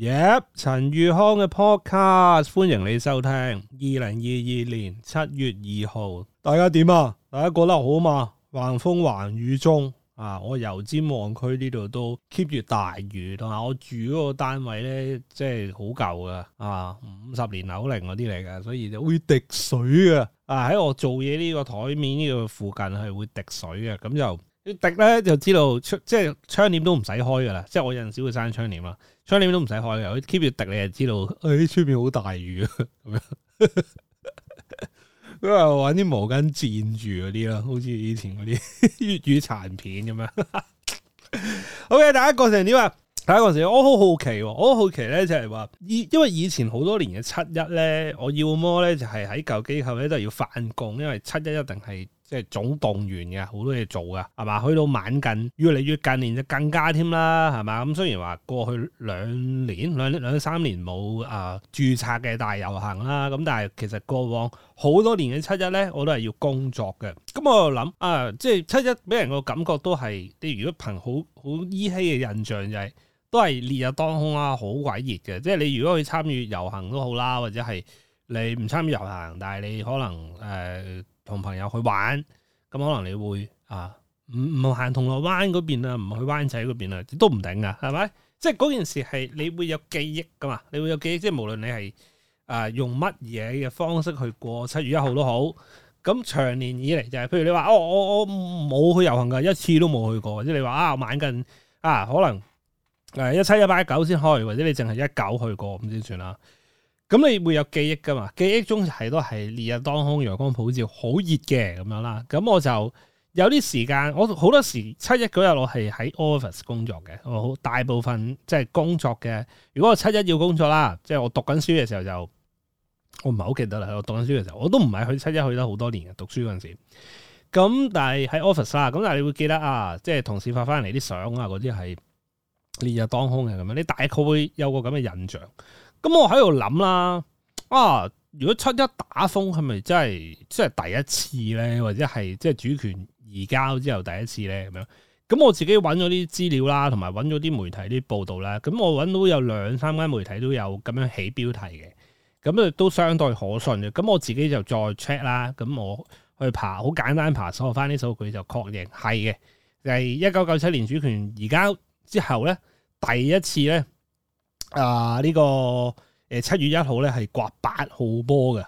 耶！陳宇、yep, 康嘅 podcast，歡迎你收聽。二零二二年七月二號，大家點啊？大家覺得好嘛？橫風橫雨中啊，我油尖旺區呢度都 keep 住大雨，同埋我住嗰個單位呢，即係好舊噶啊，五十年樓齡嗰啲嚟噶，所以會滴水噶啊，喺我做嘢呢個台面呢個附近係會滴水嘅，咁就。要滴咧，就知道即係窗簾都唔使開噶啦。即係我有陣時會閂窗簾啦，窗簾都唔使開。嘅。keep 住滴，你就知道誒，出、哎、面好大雨啊咁 樣。咁話玩啲毛巾墊住嗰啲咯，好似以前嗰啲粵語殘片咁樣。OK，大家過成點啊？第一過成點？我好好奇，我好好奇咧就係話，以因為以前好多年嘅七一咧，1, 我要麼咧就係喺舊機構咧都要返工，因為七一一定係。即係總動員嘅，好多嘢做㗎，係嘛？去到晚近，越嚟越近年就更加添啦，係嘛？咁雖然話過去兩年兩兩三年冇啊、呃、註冊嘅大遊行啦，咁但係其實過往好多年嘅七一咧，我都係要工作嘅。咁、嗯、我諗啊、呃，即係七一俾人個感覺都係，你如果憑好好依稀嘅印象就係、是、都係烈日當空啦、啊，好鬼熱嘅。即係你如果去參與遊行都好啦，或者係你唔參與遊行，但係你可能誒。呃同朋友去玩，咁可能你會啊唔唔行銅鑼灣嗰邊啊，唔去灣仔嗰邊啊，都唔定㗎，係咪？即係嗰件事係你會有記憶噶嘛？你會有記憶，即係無論你係啊用乜嘢嘅方式去過七月一號都好。咁長年以嚟就係、是，譬如你話哦，我我冇去遊行噶，一次都冇去過，或者你話啊，我晚近啊，可能誒一七一八一九先開，或者你淨係一九去過咁先算啦。咁你會有記憶噶嘛？記憶中係都係烈日當空、陽光普照，好熱嘅咁樣啦。咁我就有啲時間，我好多時七一嗰日我係喺 office 工作嘅，我好大部分即係工作嘅。如果我七一要工作啦，即係我讀緊書嘅時候就，我唔係好記得啦。我讀緊書嘅時候，我都唔係去七一去咗好多年嘅讀書嗰陣時。咁但係喺 office 啊，咁但係你會記得啊，即係同事發翻嚟啲相啊嗰啲係烈日當空嘅咁樣，你大概會有個咁嘅印象。咁我喺度諗啦，啊，如果七一打風，係咪真係即係第一次咧，或者係即係主權移交之後第一次咧咁樣？咁我自己搵咗啲資料啦，同埋搵咗啲媒體啲報道啦。咁我搵到有兩三間媒體都有咁樣起標題嘅，咁亦都相對可信嘅。咁我自己就再 check 啦，咁我去爬好簡單爬，搜翻呢數佢就確認係嘅，就係一九九七年主權移交之後咧第一次咧。啊！呢、這個誒、呃、七月一號咧係刮八號波嘅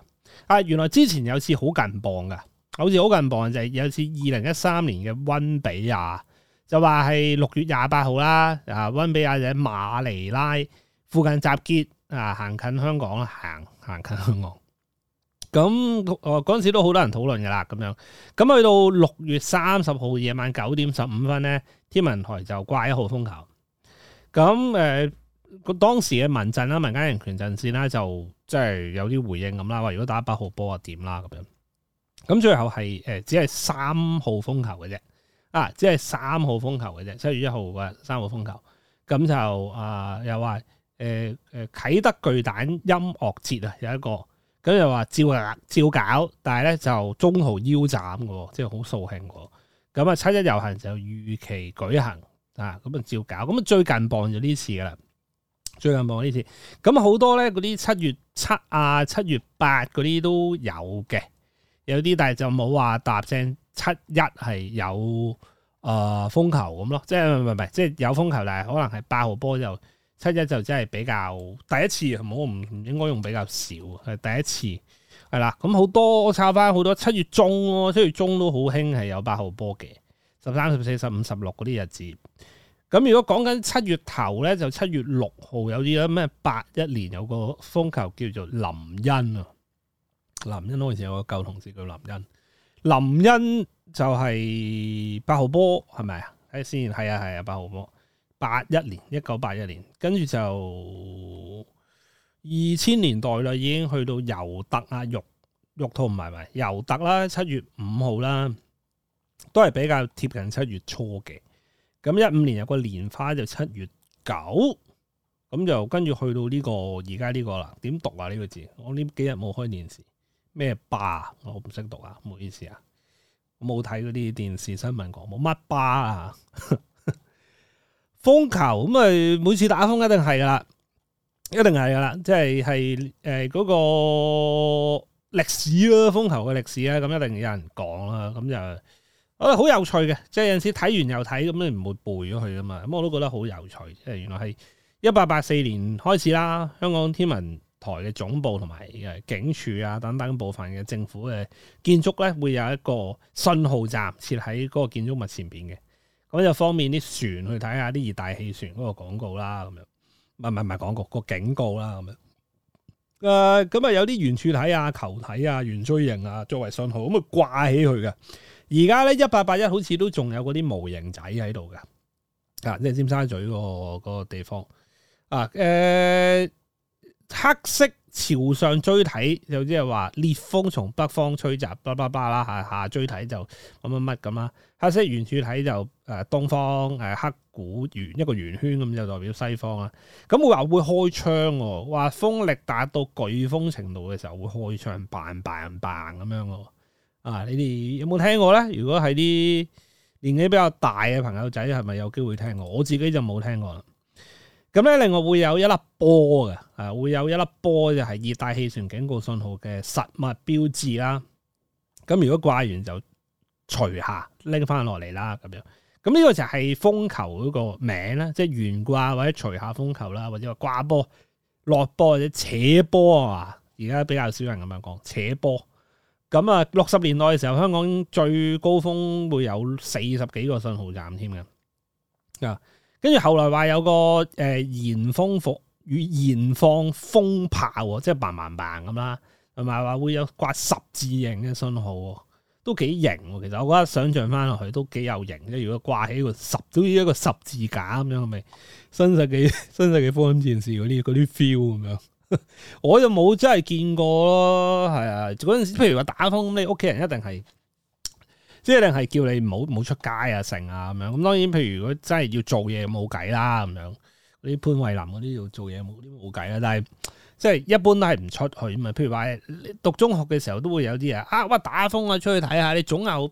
啊，原來之前有次好近磅嘅，好似好近磅就係有次二零一三年嘅溫比亞，就話係六月廿八號啦，啊溫比亞就喺馬尼拉附近集結啊，行近香港啦，行行近香港。咁嗰陣時都好多人討論噶啦，咁樣咁去到六月三十號夜晚九點十五分咧，天文台就掛一號風球。咁誒。呃個當時嘅民陣啦、民間人權陣線啦，就即係有啲回應咁啦，話如果打八號波啊點啦咁樣。咁最後係誒、呃，只係三號風球嘅啫，啊，只係三號風球嘅啫，七月一號嘅三號風球。咁就啊、呃，又話誒誒啟德巨蛋音樂節啊，有一個，咁又話照啊照搞，但係咧就中途腰斬嘅，即係好掃興。咁啊，七一遊行就預期舉行啊，咁啊照搞，咁啊最近傍咗呢次啦。最近播呢次，咁好多咧嗰啲七月七啊、七月八嗰啲都有嘅，有啲但係就冇話搭聲七一係有誒、呃、風球咁咯，即係唔係唔係，即係、就是、有風球，但係可能係八號波就七一就真係比較第一次，冇唔唔應該用比較少係第一次，係啦，咁好多查返好多七月中咯、啊，七月中都好興係有八號波嘅，十三、十四、十五、十六嗰啲日子。咁如果講緊七月頭咧，就七月六號有啲咩，八一年有個風球叫做林恩啊，林恩我以前有個舊同事叫林恩，林恩就係八號波係咪啊？睇下先，係啊係啊，八號波，八一年，一九八一年，跟住就二千年代啦，已經去到尤特啊，玉玉兔唔係咪？尤特啦，七月五號啦，都係比較貼近七月初嘅。咁一五年有個蓮花就七月九，咁就跟住去到呢、呢個而家呢個啦。點讀啊呢個字？我呢幾日冇開電視，咩巴？我唔識讀啊，唔好意思啊，我冇睇嗰啲電視新聞講冇乜巴啊呵呵。風球咁啊，每次打風一定係噶啦，一定係噶啦，即係係誒嗰個歷史啦，風球嘅歷史啊，咁一定有人講啦，咁就。我好有趣嘅，即係有陣時睇完又睇，咁你唔會背咗佢噶嘛？咁我都覺得好有趣，即係原來係一八八四年開始啦。香港天文台嘅總部同埋嘅警署啊，等等部分嘅政府嘅建築咧，會有一個信號站設喺嗰個建築物前邊嘅，咁就方便啲船去睇下啲熱帶氣旋嗰個廣告啦，咁樣，唔係唔係唔係廣告，個警告啦咁樣。啊，咁啊有啲圓柱體啊、球體啊、圓錐形啊，作為信號咁啊掛起佢㗎。而家咧一八八一好似都仲有嗰啲模型仔喺度嘅。啊，即係尖沙咀嗰個個地方啊。誒、呃，黑色朝上錐體就即係話烈風從北方吹襲，叭叭叭啦，下下錐體就乜乜乜咁啦。黑色圓柱體就誒、啊、東方，誒、啊、黑古圓一個圓圈咁就代表西方啊。咁、啊、話會開槍喎，話、啊、風力達到颶風程度嘅時候會開槍，bang bang bang 咁樣咯。啊！你哋有冇聽過咧？如果係啲年紀比較大嘅朋友仔，係咪有機會聽過？我自己就冇聽過啦。咁咧，另外會有一粒波嘅，啊，會有一粒波就係熱帶氣旋警告信號嘅實物標誌啦。咁如果掛完就除下拎翻落嚟啦，咁樣。咁呢個就係風球嗰個名啦，即係懸掛或者除下風球啦，或者話掛波、落波或者扯波啊。而家比較少人咁樣講扯波。咁啊，六十、嗯、年代嘅時候，香港最高峰會有四十幾個信號站添嘅。啊、嗯，跟住後來話有個誒延放風與延放風炮，即係 bang bang bang 咁啦，同埋話會有掛十字形嘅信號，都幾型。其實我覺得想像翻落去都幾有型。即係如果掛起個十，都似一個十字架咁樣，係咪？新世紀，新世紀科幻電視嗰啲嗰啲 feel 咁樣。 我就冇真係見過咯，係啊，嗰陣時，譬如話打風，咁你屋企人一定係，即係一定係叫你唔好唔好出街啊，成啊咁樣。咁當然，譬如如果真係要做嘢，冇計啦咁樣。嗰啲潘慧林嗰啲要做嘢冇啲冇計啦。但係即係一般都係唔出去嘛。譬如話讀中學嘅時候都會有啲啊，哇打風啊，出去睇下。你總有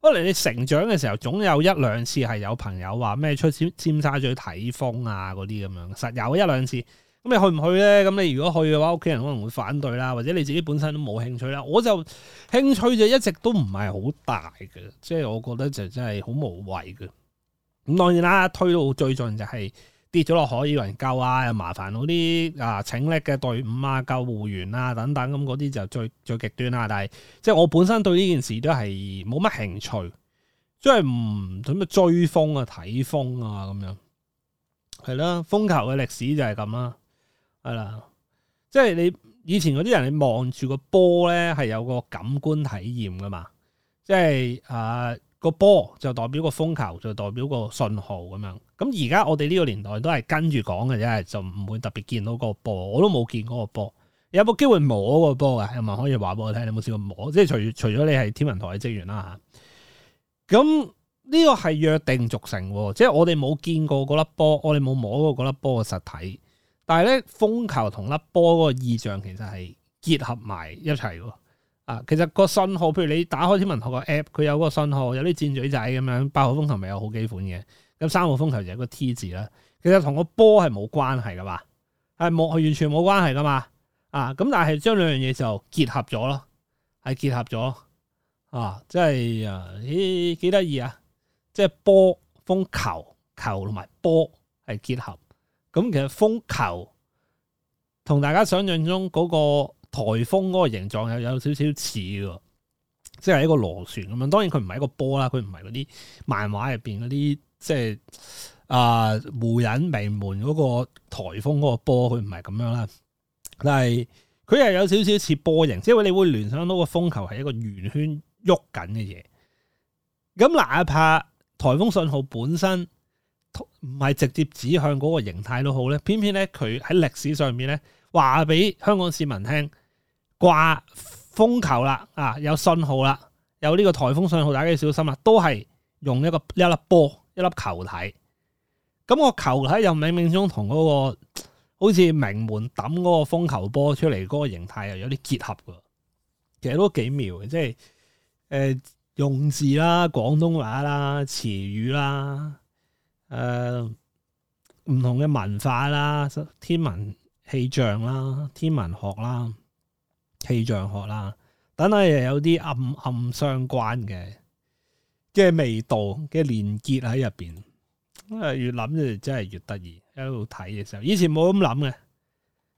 可能你成長嘅時候總有一兩次係有朋友話咩出尖尖沙咀睇風啊嗰啲咁樣，實有一兩次。咁你去唔去咧？咁你如果去嘅話，屋企人可能會反對啦，或者你自己本身都冇興趣啦。我就興趣就一直都唔係好大嘅，即係我覺得就真係好無謂嘅。咁當然啦，推到最盡就係跌咗落海，有人救啊，又麻煩嗰啲啊，請力嘅隊伍啊、救護員啊等等，咁嗰啲就最最極端啦。但係即係我本身對呢件事都係冇乜興趣，即係唔咁啊追風啊、睇風啊咁樣，係啦，風球嘅歷史就係咁啦。係啦，即係你以前嗰啲人，你望住個波咧，係有個感官體驗噶嘛。即係啊，呃個波就代表個風球，就代表個信號咁樣。咁而家我哋呢個年代都係跟住講嘅，啫，係就唔會特別見到個波，我都冇見過個波。有冇機會摸個波嘅？係咪可以話俾我聽，你有冇試過摸？即係除除咗你係天文台嘅職員啦吓。咁呢個係約定俗成，即係我哋冇見過嗰粒波，我哋冇摸過嗰粒波嘅實體。但係咧，風球同粒波嗰個意象其實係結合埋一齊嘅。啊，其實個信號，譬如你打開天文台個 app，佢有個信號，有啲箭嘴仔咁樣，八號風球咪有好幾款嘅。咁三號風球就係一個 T 字啦。其實同個波係冇關係噶嘛，係冇，完全冇關係噶嘛。啊，咁但係將兩樣嘢就結合咗咯，係結合咗。啊，即係啊，咦，幾得意啊！即係波風球球同埋波係結合。咁其實風球同大家想象中嗰個颱風嗰個形狀又有少少似嘅，即係一個螺旋咁樣。當然佢唔係一個波啦，佢唔係嗰啲漫畫入邊嗰啲即係啊、呃、無人迷門嗰個颱風嗰個波，佢唔係咁樣啦。但係佢係有少少似波形，即係你會聯想到個風球係一個圓圈喐緊嘅嘢。咁哪怕颱風信號本身。唔係直接指向嗰個形態都好咧，偏偏咧佢喺歷史上面咧話俾香港市民聽掛風球啦，啊有信號啦，有呢個颱風信號，大家要小心啦，都係用一個一粒波一粒球體。咁、嗰個球體又冥冥中同嗰、嗰個好似名門抌嗰個風球波出嚟嗰個形態又有啲結合㗎，其實都幾妙嘅，即係誒、呃、用字啦、廣東話啦、詞語啦。誒，唔同嘅文化啦，天文氣象啦，天文學啦，氣象學啦，等等又有啲暗暗相關嘅，嘅味道嘅連結喺入邊。越諗就真係越得意，喺度睇嘅時候，以前冇咁諗嘅，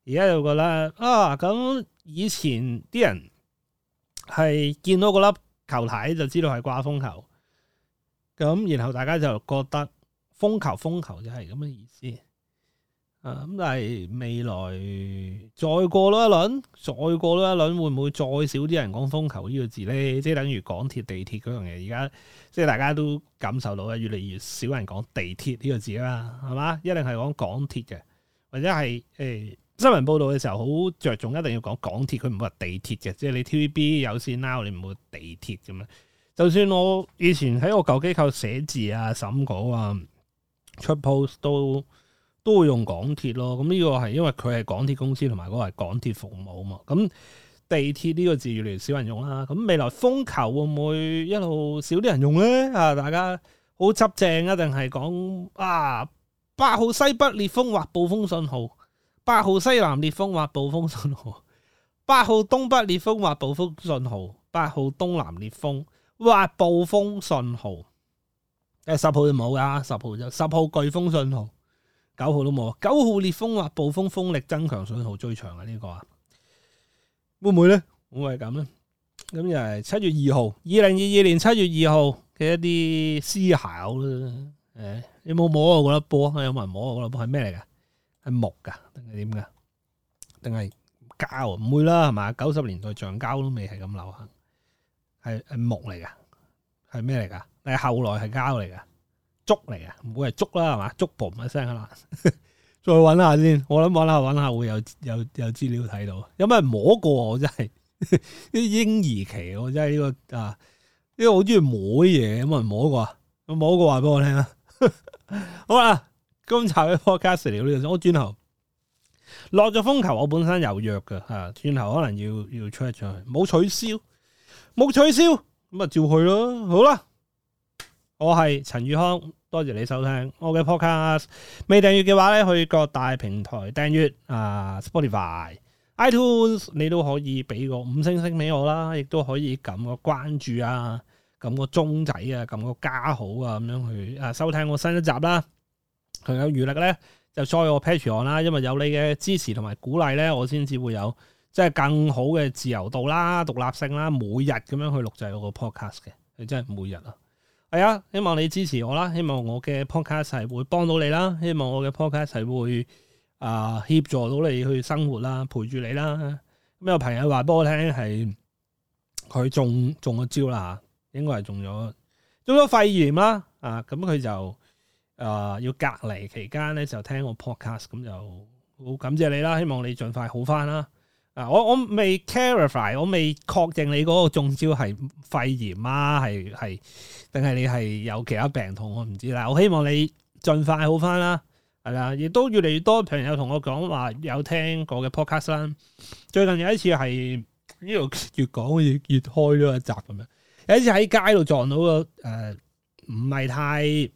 而家就覺得啊，咁以前啲人係見到個粒球體就知道係掛風球，咁然後大家就覺得。風球風球就係咁嘅意思，啊咁但係未來再過多一輪，再過多一輪會唔會再少啲人講風球呢個字咧？即係等於港鐵、地鐵嗰樣嘢，而家即係大家都感受到嘅，越嚟越少人講地鐵呢個字啦，係嘛？一定係講港鐵嘅，或者係誒、欸、新聞報道嘅時候好着重，一定要講港鐵，佢唔會話地鐵嘅，即係你 T V B 有線 Now 你唔會地鐵咁啊！就算我以前喺我舊機構寫字啊、審稿啊。出 post 都都會用港鐵咯，咁呢個係因為佢係港鐵公司同埋嗰個係港鐵服務啊嘛。咁地鐵呢個字越來越少人用啦。咁未來風球會唔會一路少啲人用呢？啊，大家好執正啊，定係講啊八號西北烈風或暴風信號，八號西南烈風或暴風信號，八號東北烈風或暴風信號，八號東南烈風或暴風信號。誒，十號就冇噶，十號就十號颶風信號，九號都冇，九號烈風或暴風風力增強信號最長啊呢個啊？會唔會咧？會唔會係咁咧？咁又係七月二號，二零二二年七月二號嘅一啲思考啦。誒、欸，你有冇摸啊嗰粒波？有冇人摸啊嗰粒波？係咩嚟噶？係木噶定係點噶？定係膠？唔會啦，係嘛？九十年代橡膠都未係咁流行，係係木嚟嘅。.係咩嚟噶？係後來係膠嚟噶，竹嚟噶，唔會係竹啦，係嘛？竹 boom 一聲啦，再揾下先。我諗揾下，下，揾下會有有有資料睇到。有冇人摸過我？真係啲嬰兒期，我真係呢個啊，呢個好中意摸嘢。有冇人摸過，有有摸過？我摸過話俾我聽啊。 好啦，今集嘅 podcast 嚟呢度，我轉頭落咗風球，我本身有約噶吓，轉、啊、頭可能要要出一出去。冇取消，冇取消。咁咪照去咯，好啦。我係陳宇康，多謝你收聽我嘅 podcast。未訂閱嘅話咧，去各大平台訂閱啊，Spotify、iTunes，你都可以俾個五星星俾我啦，亦都可以撳個關注啊，撳個鐘仔啊，撳個加號啊，咁樣去啊收聽我新一集啦。佢有餘力咧，就 join 我 Patreon 啦，因為有你嘅支持同埋鼓勵咧，我先至會有。即係更好嘅自由度啦、獨立性啦，每日咁樣去錄製我個 podcast 嘅，你真係每日啊，係、哎、啊，希望你支持我啦，希望我嘅 podcast 係會幫到你啦，希望我嘅 podcast 係會啊協、呃、助到你去生活啦，陪住你啦。咁、嗯、有朋友話俾我聽係佢中中咗招啦吓，應該係中咗中咗肺炎啦啊，咁、嗯、佢就啊、呃、要隔離期間咧就聽我 podcast，咁就好感謝你啦，希望你盡快好翻啦。啊！我我未 clarify，我未確定你嗰個中招係肺炎啊，係係，定係你係有其他病痛，我唔知啦。我希望你盡快好翻啦，係啦，亦都越嚟越多朋友同我講話有聽過嘅 podcast 啦。最近有一次係呢度越講越越開咗一集咁樣，有一次喺街度撞到個誒，唔係太。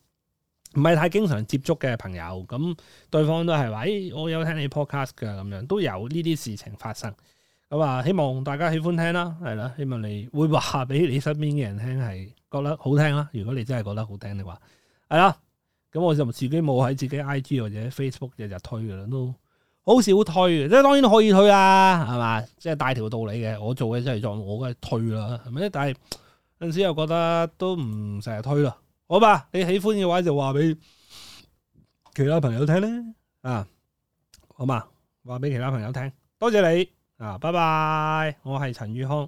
唔係太經常接觸嘅朋友，咁對方都係話，咦、欸，我有聽你 podcast 噶咁樣，都有呢啲事情發生。咁啊，希望大家喜歡聽啦，係啦，希望你會話俾你身邊嘅人聽，係覺得好聽啦。如果你真係覺得好聽，你話係啦。咁我就自己冇喺自己 IG 或者 Facebook 日日推嘅啦，都好少推嘅。即係當然可以推啦，係嘛？即係大條道理嘅，我做嘅真係做，我梗係推啦，係咪咧？但係有陣時又覺得都唔成日推啦。好吧，你喜歡嘅話就話畀其他朋友聽啦。啊，好嘛，話畀其他朋友聽，多謝你，啊，拜拜，我係陳宇康。